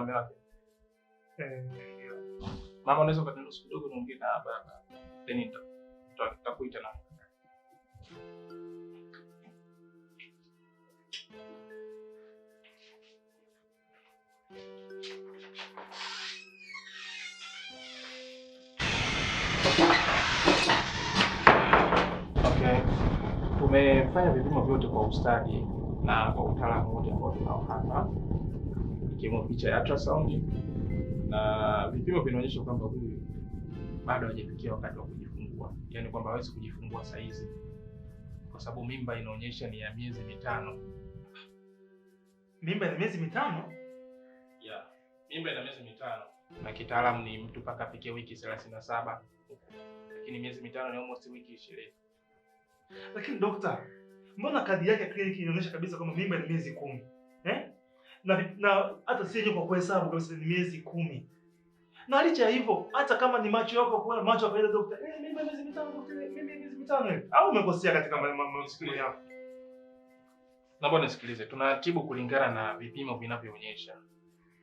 na mume wake. Mama, unaweza ukatenda siku kidogo naongee na ah, baba. Then nitakuita na Tumefanya vipimo vyote kwa ustadi na kwa utaalamu wote ambao tunao hapa ikiwemo picha ya ultrasound na vipimo vinaonyesha kwamba huyu bado hajafikia wakati wa kujifungua, yaani kwamba hawezi kujifungua saa hizi kwa sababu mimba inaonyesha ni ya miezi mitano. Mimba ni miezi mitano? Yeah, mimba ina miezi mitano na kitaalamu ni mtu mpaka afikie wiki 37 lakini miezi mitano ni almost wiki 20. Lakini daktari, mbona kadi yake kliniki inaonyesha kabisa kwamba mimba ni miezi kumi? na, na hata sije kwa kuhesabu kabisa ni miezi kumi. Na licha hivyo, hata kama ni macho yako kwa macho ya kawaida daktari, eh, mimi miezi mitano daktari, mimi miezi mitano hivi. Au umekosea katika masikio yako? Naomba nisikilize. Tunatibu kulingana na vipimo vinavyoonyesha.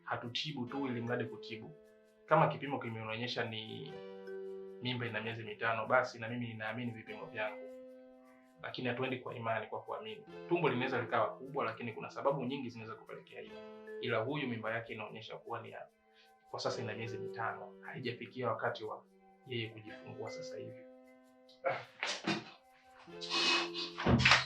Hatutibu tu ili mradi kutibu. Kama kipimo kimeonyesha ni mimba ina miezi mitano, basi na mimi ninaamini vipimo vyangu lakini hatuendi kwa imani, kwa kuamini. Tumbo linaweza likawa kubwa, lakini kuna sababu nyingi zinaweza kupelekea hiyo. ila huyu mimba yake inaonyesha kuwa ni kwa sasa ina miezi mitano, haijafikia wakati wa yeye kujifungua sasa hivi. Ah.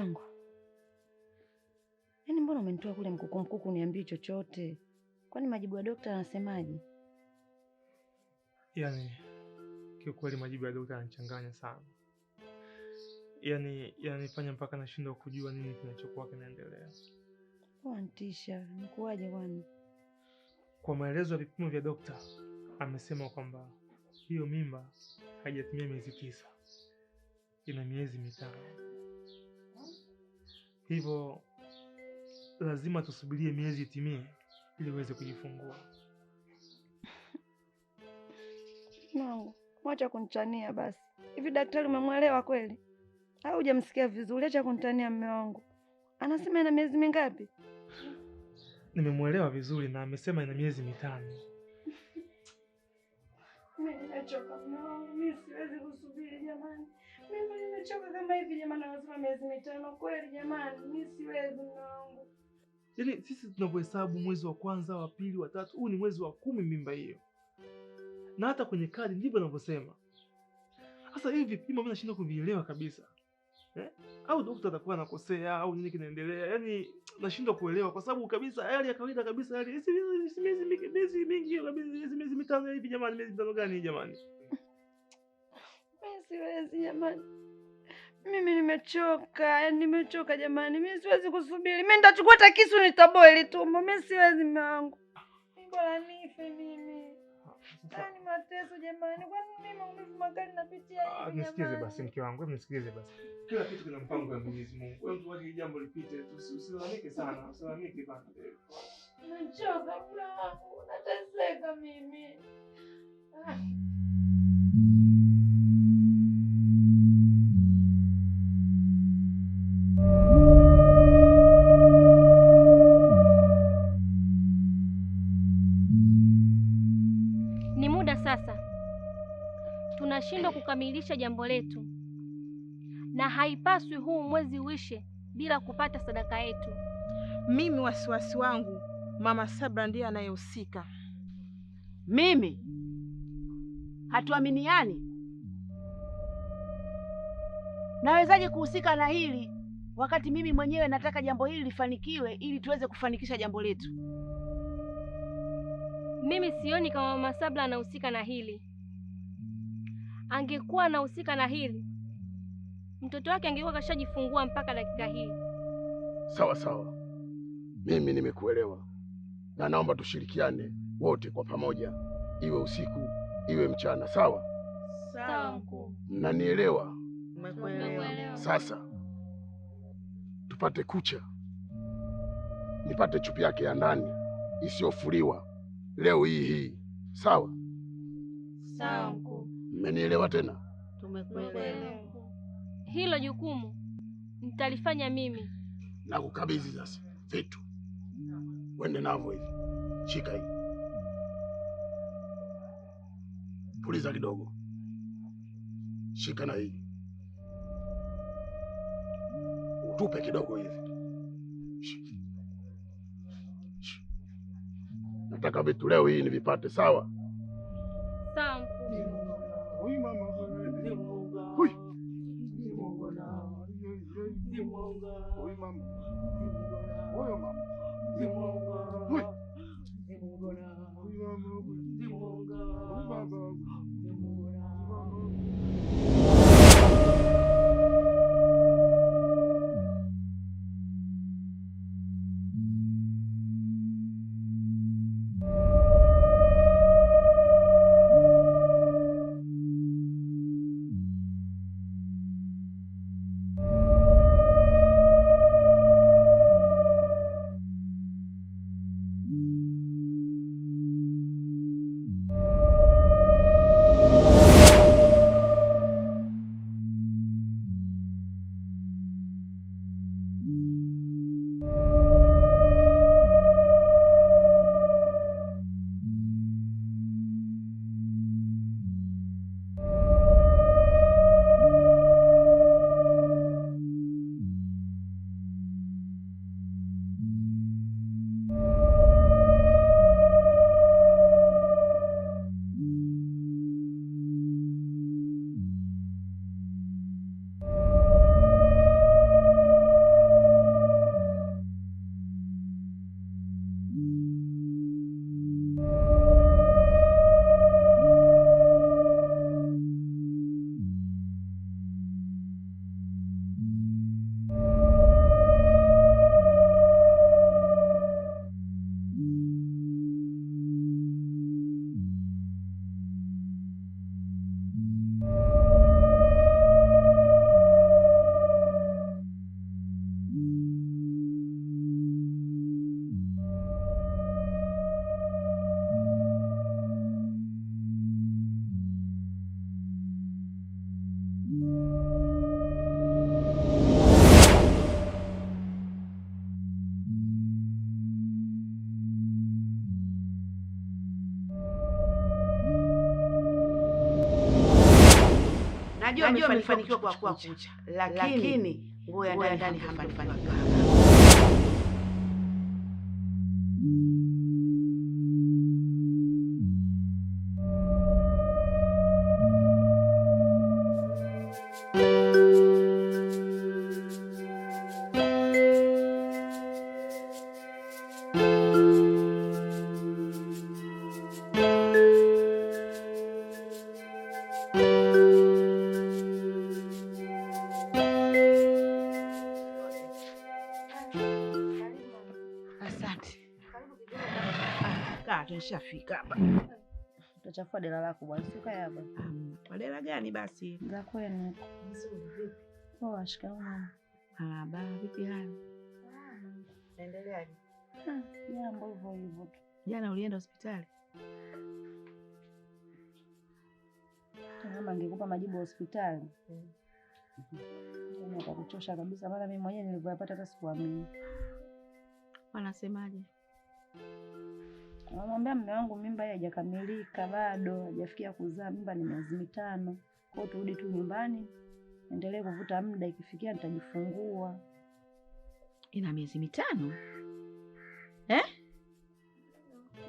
yangu. Yaani mbona umenitoa kule mkuku mkuku chochote? Kwani majibu ya daktari anasemaje? Yaani kiukweli majibu ya daktari yanachanganya sana. Yaani yanifanya mpaka nashindwa kujua nini kinachokuwa kinaendelea. Wantisha, nikuwaje kwani? Kwa maelezo ya vipimo vya dokta amesema kwamba hiyo mimba haijatimia miezi tisa, ina miezi mitano. Hivyo lazima tusubirie miezi itimie ili uweze kujifungua. Mungu, mwacha kunitania basi. Hivi daktari umemwelewa kweli au hujamsikia vizuri? Acha kunitania mume wangu, anasema ina miezi mingapi? Nimemwelewa vizuri na amesema ina miezi mitano. Nimechoka mume wangu, mimi siwezi kusubiri jamani. Mimi nimechoka kama hivi jamani, nasema miezi mitano kweli jamani, mimi siwezi mwanangu. Yaani sisi tunavyohesabu mwezi wa kwanza, wa pili, wa tatu, huu ni mwezi wa kumi mimba hiyo, na hata kwenye kadi ndivyo anavyosema. Sasa hivi vipimo mimi nashindwa kuvielewa kabisa eh? Au dokta atakuwa anakosea au nini kinaendelea? Yaani nashindwa kuelewa kwa sababu kabisa hali ya kawaida kabisa, hali miezi mingi kabisa, miezi mitano hivi jamani, miezi mitano gani jamani? siwezi jamani, mimi nimechoka, yaani nimechoka jamani, mimi siwezi kusubiri, mimi nitachukua hata kisu nitaboa ile tumbo, mi siwezi mume wangu, bora nife mimi. Ah, Ni yaani mateso jamani, kwani mimi maumivu makali napitia hivi. Ah, nisikize basi mke wangu, hebu nisikize basi, kila kitu kina mpango wa Mwenyezi Mungu. Wewe mtu wake, jambo lipite, usilalamike sana, usilalamike bana. Nimechoka, wangu, nateseka mimi. Ah. kukamilisha jambo letu, na haipaswi huu mwezi uishe bila kupata sadaka yetu. Mimi wasiwasi wangu mama Sabra ndiye anayehusika. Mimi hatuaminiani. Nawezaje kuhusika na hili wakati mimi mwenyewe nataka jambo hili lifanikiwe ili tuweze kufanikisha jambo letu? Mimi sioni kama mama Sabla anahusika na hili angekuwa anahusika na hili, mtoto wake angekuwa kashajifungua mpaka dakika hii. Sawa sawa, mimi nimekuelewa, na naomba tushirikiane wote kwa pamoja, iwe usiku iwe mchana. Sawa sawa, mkuu, mnanielewa? Sasa tupate kucha, nipate chupi yake ya ndani isiyofuliwa leo hii hii. Sawa sawa, mkuu. Mmenielewa tena? Tumekuelewa. Hilo jukumu nitalifanya mimi. Nakukabidhi sasa vitu, wende navyo hivi. Shika hii, puliza kidogo. Shika na hii, utupe kidogo hivi. Nataka vitu leo hii nivipate, sawa? amefanikiwa kwa kucha, lakini nguo ya ndani hapafanikiwa. nishafika hapa. Tutachafua dela lako bwana, sikae hapa. Ah, kwa dela gani basi? Za kwenu. Poa, shikamoo. Haba, vipi hali? Naendeleaje? Jambo ah, hivyo hivyo tu. Jana ulienda hospitali? Kama ngekupa majibu ya hospitali kakuchosha mm. kabisa, maana mimi mwenyewe nilivyoyapata hata sikuamini. Wanasemaje? Namwambia mume wangu, mimba hii haijakamilika bado, hajafikia kuzaa, mimba ni miezi mitano. Kwa hiyo turudi tu nyumbani, endelee kuvuta muda, ikifikia nitajifungua. Ina miezi mitano eh? eh?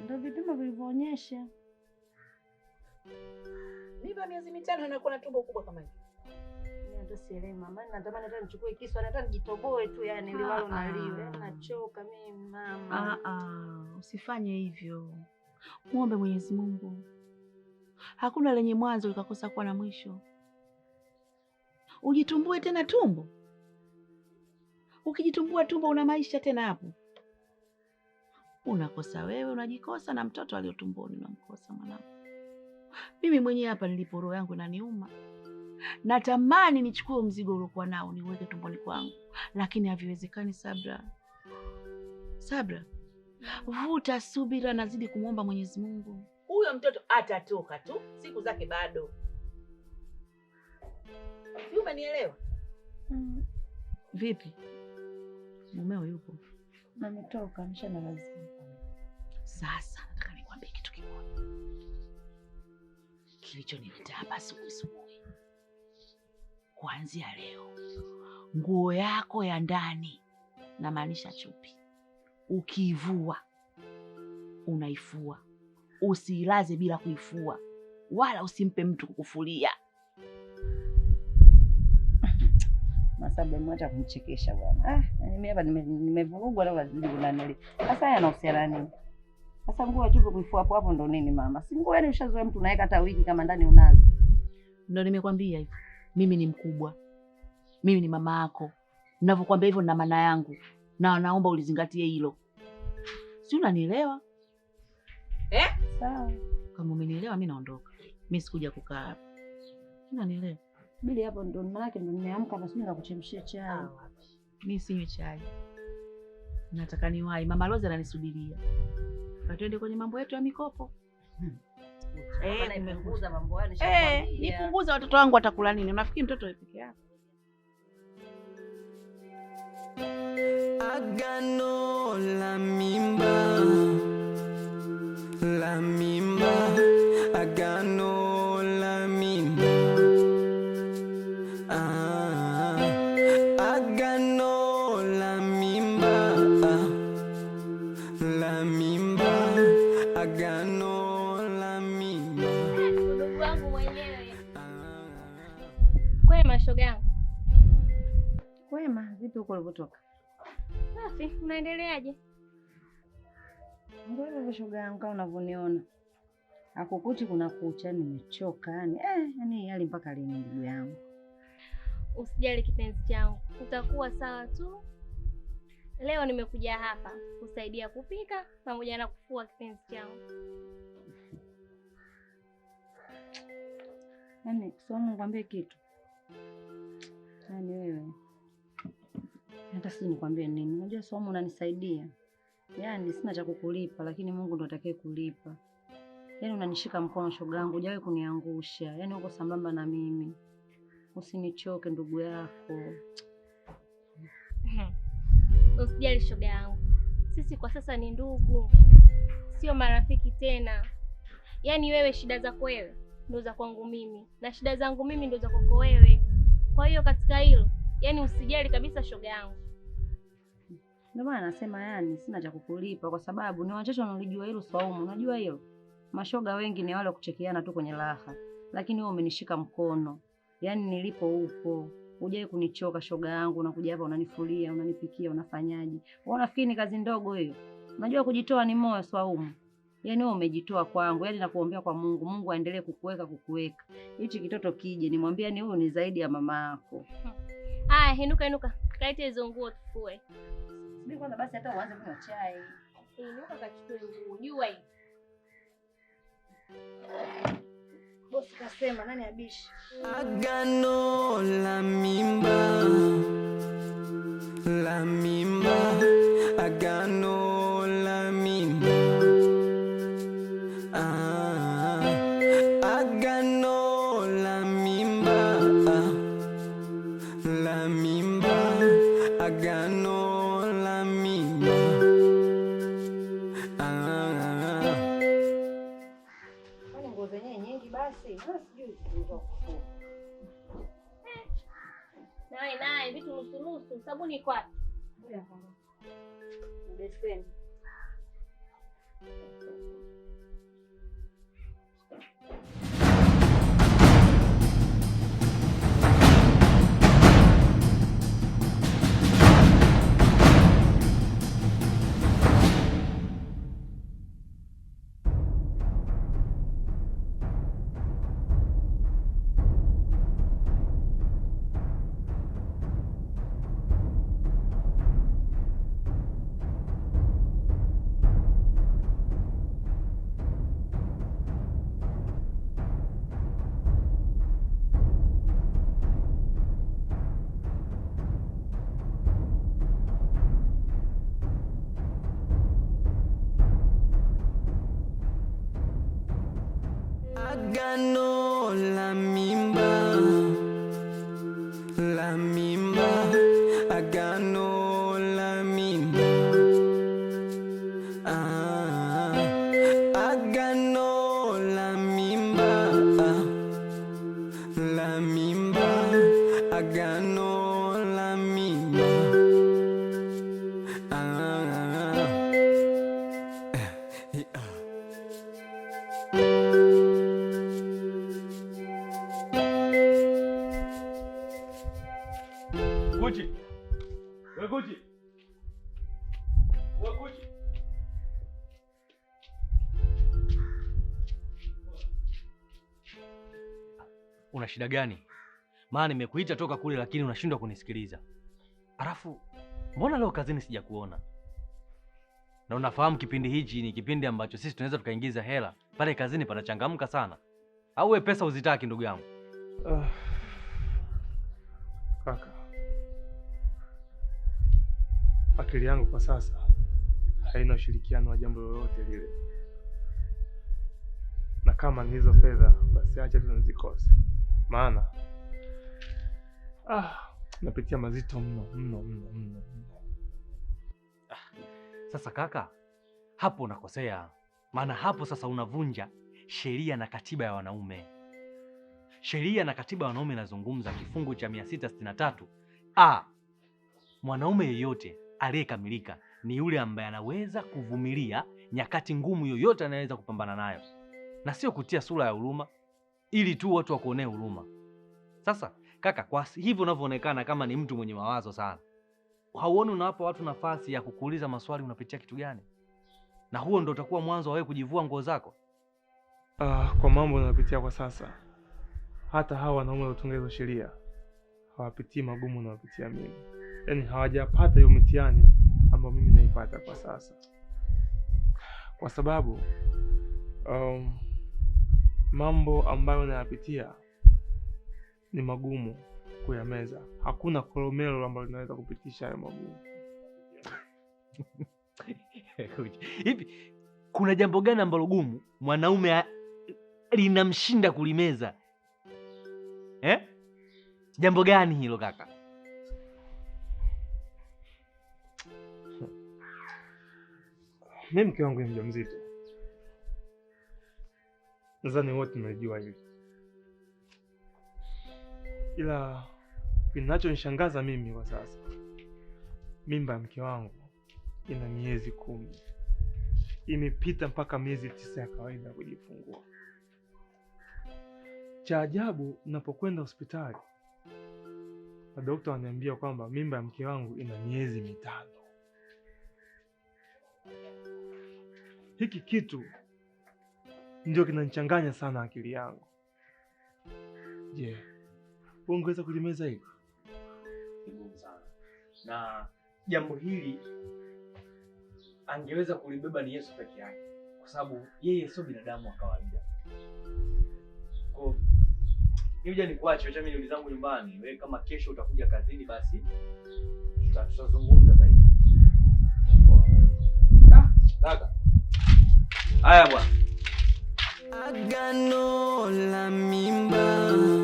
Ndo vipimo vilivyoonyesha mimba miezi mitano, inakuwa na tumbo kubwa kama hivi hata sielewi mama, na hata nichukue kisu, hata nijitoboe tu, yani liwalo na liwe, nachoka mimi mama. Ah ah, usifanye hivyo, muombe Mwenyezi Mungu. Hakuna lenye mwanzo likakosa kuwa na mwisho. Ujitumbue tena tumbo? Ukijitumbua tumbo una maisha tena hapo? Unakosa wewe, unajikosa na mtoto aliyotumboni unamkosa mwanangu. Mimi mwenyewe hapa nilipo, roho yangu inaniuma. Natamani nichukue mzigo uliokuwa nao niweke tumboni kwangu, lakini haviwezekani. Sabra, Sabra, vuta subira, nazidi kumwomba Mwenyezi Mungu. Huyo mtoto atatoka tu, siku zake bado. Umenielewa? Mm. Vipi, mumeo yupo? Ametoka, ameshanalazimika. Sasa nataka nikwambie kitu kimoja kilichonileta hapa asubuhi asubuhi kuanzia leo nguo yako ya ndani, namaanisha chupi, ukiivua unaifua. Usiilaze bila kuifua, wala usimpe mtu kukufulia. Masabe Masabemata kumchekesha bwana. Ah, mimi hapa nimevurugwa na unazidi kunanili. Sasa haya yanahusiana nini? Sasa nguo chupi kuifua hapo hapo ndo nini mama? Si nguo yani ushazoea mtu unaweka hata wiki kama ndani unazi. Ndo nimekwambia hivyo mimi ni mkubwa, mimi ni mama yako. Ninavyokuambia hivyo na maana yangu, na naomba ulizingatie hilo, si unanielewa eh? Sawa, kama umenielewa, mi naondoka, mi sikuja kukaa hapa, unanielewa? Bili hapo ndo maanake ndo nimeamka na sijui nakuchemshia chai. Ah, mi sinywe chai, nataka niwai Mama Roza ananisubiria, atwende kwenye mambo yetu ya mikopo hmm. Eh, eh, nipunguza, watoto wangu watakula nini? Unafikiri mtoto wewe peke yake? Agano la mimba vipi huko ulivyotoka? Safi, unaendeleaje? Ndio hivyo shoga yangu, kama unavyoniona akukuti kuna kucha, nimechoka yani eh, yani hali mpaka lini ndugu yangu? Usijali kipenzi changu, utakuwa sawa tu. Leo nimekuja hapa kusaidia kupika pamoja na kufua, kipenzi changu. Yani somo, nikwambie kitu yani wewe hata sisi nikwambie nini? Unajua somo unanisaidia, yaani sina cha kukulipa, lakini Mungu ndo atakaye kulipa. Yaani unanishika mkono, shogangu, hujawahi kuniangusha, yaani uko sambamba na mimi. Usinichoke ndugu yako. Usijali shoga yangu, sisi kwa sasa ni ndugu, sio marafiki tena. Yaani wewe shida zako wewe ndo za kwangu mimi, na shida zangu mimi ndo za kwako wewe. Kwa hiyo katika hilo yani usijali kabisa shoga yangu. Ndio maana nasema yani sina cha kukulipa kwa sababu ni wachache wanalijua hilo swaumu. Unajua hiyo Mashoga wengi ni wale wa kuchekeana tu kwenye raha. Lakini wewe umenishika mkono. yani nilipo huko. ujai kunichoka shoga yangu, unakuja hapa unanifulia, unanipikia, unafanyaje? Wewe unafikiri ni kazi ndogo hiyo? Unajua kujitoa ni moyo swaumu. Yaani wewe umejitoa kwangu, yaani nakuombea kwa Mungu, Mungu aendelee kukuweka kukuweka. Hichi kitoto kije nimwambie, ni huyu ni zaidi ya mama yako. Hmm. Haya, inuka inuka, kalete hizo nguo tufue. Subiri kwanza basi hata uanze kunywa chai. Eh, inuka kachukue nguo, jua hii. Bosi kasema nani abishi? Agano la mimba. La mimba. Agano ganó la mimba. La mimba, ganó la mimba. Ah, ganó la mimba. Ah, la mimba, ganó. shida gani? Maana nimekuita toka kule, lakini unashindwa kunisikiliza. Alafu mbona leo kazini sijakuona? Na unafahamu kipindi hichi ni kipindi ambacho sisi tunaweza tukaingiza hela pale kazini, panachangamka sana. Au wewe pesa uzitaki, ndugu yangu? Uh, kaka, akili yangu kwa sasa haina ushirikiano wa jambo lolote lile, na kama ni hizo fedha, basi acha tu nizikose maana ah, napitia mazito mno mno mno mno. Ah, sasa kaka, hapo unakosea, maana hapo sasa unavunja sheria na katiba ya wanaume. Sheria na katiba ya wanaume inazungumza kifungu cha 663 a, mwanaume yeyote aliyekamilika ni yule ambaye anaweza kuvumilia nyakati ngumu yoyote anaweza kupambana nayo na sio kutia sura ya huruma ili tu watu wakuonee huruma. Sasa kaka, kwa hivyo unavyoonekana kama ni mtu mwenye mawazo sana, hauoni unawapa watu nafasi ya kukuuliza maswali unapitia kitu gani, na huo ndo utakuwa mwanzo wa wewe kujivua nguo zako. Uh, kwa mambo unayopitia kwa sasa, hata hawa wanaume waliotunga hizo sheria hawapitii magumu unayopitia mimi, yaani hawajapata hiyo mitihani ambayo mimi naipata kwa sasa, kwa sababu um, Mambo ambayo nayapitia ni magumu kuyameza, hakuna kolomelo ambalo linaweza kupitisha hayo magumu. Hivi kuna jambo gani ambalo gumu mwanaume linamshinda kulimeza eh? Jambo gani hilo kaka? Mi mke wangu ni mjamzito nadhani wote mnajua hivi, ila kinachonishangaza mimi kwa sasa, mimba ya mke wangu ina miezi kumi, imepita mpaka miezi tisa ya kawaida ya kujifungua. Cha ajabu, napokwenda hospitali madokta wananiambia kwamba mimba ya mke wangu ina miezi mitano. Hiki kitu ndio kinanichanganya sana akili yangu. Je, yeah, ungeweza kulimeza hivi? na jambo hili angeweza kulibeba ni Yesu peke yake, kwa sababu yeye sio binadamu wa kawaida. Kwa hiyo kuache, acha mimi niulizangu nyumbani. Wewe kama kesho utakuja kazini, basi tutazungumza zaidi. Haya bwana. Ganó la mimba.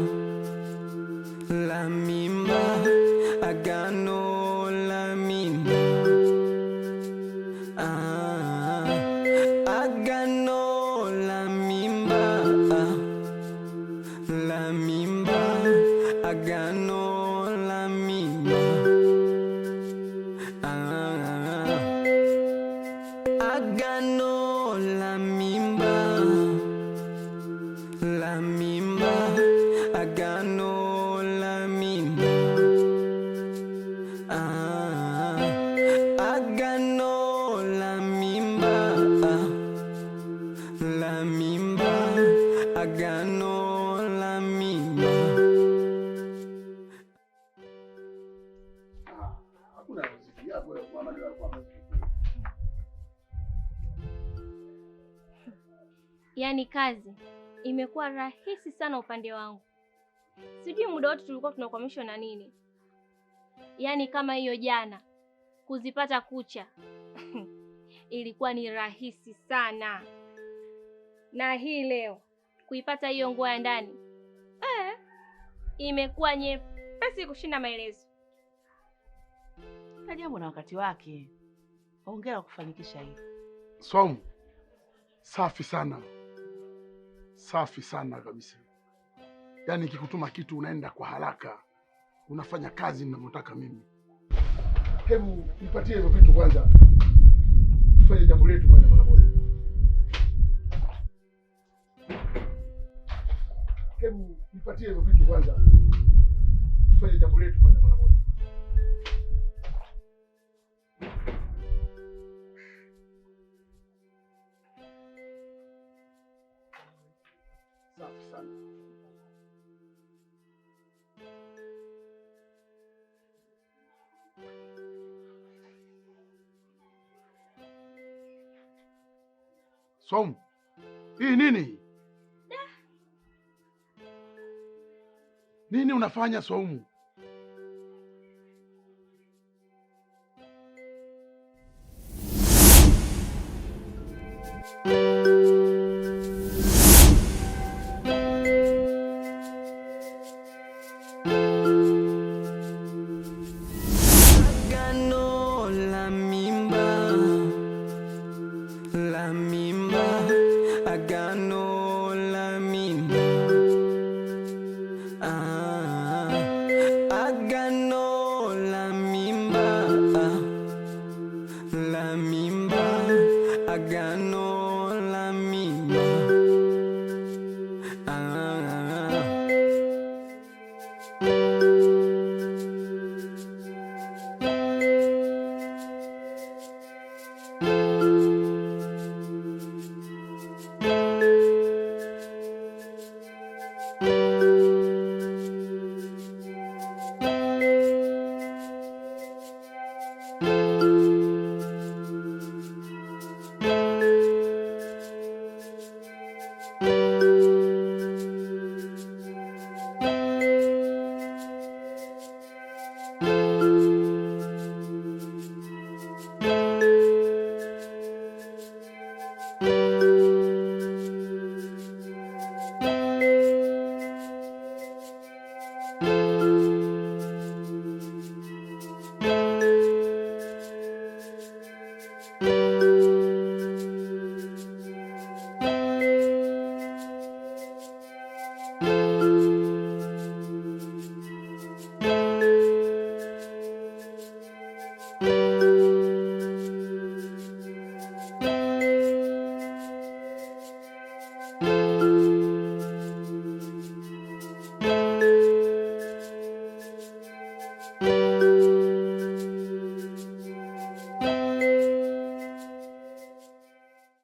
kazi imekuwa rahisi sana upande wangu. Sijui muda wote tulikuwa tunakwamishwa na nini, yaani kama hiyo jana kuzipata kucha ilikuwa ni rahisi sana, na hii leo kuipata hiyo nguo ya ndani eh, imekuwa nyepesi kushinda maelezo. Kila jambo na wakati wake. ongea kufanikisha hili. somu safi sana safi sana kabisa. Yaani ikikutuma kitu unaenda kwa haraka, unafanya kazi ninavyotaka mimi. Hebu nipatie hizo vitu kwanza, tufanye jambo letu kwanza. kwa moja. Hebu nipatie hizo vitu kwanza, tufanye jambo letu kwanza mara moja. somu hii nini Nini unafanya somu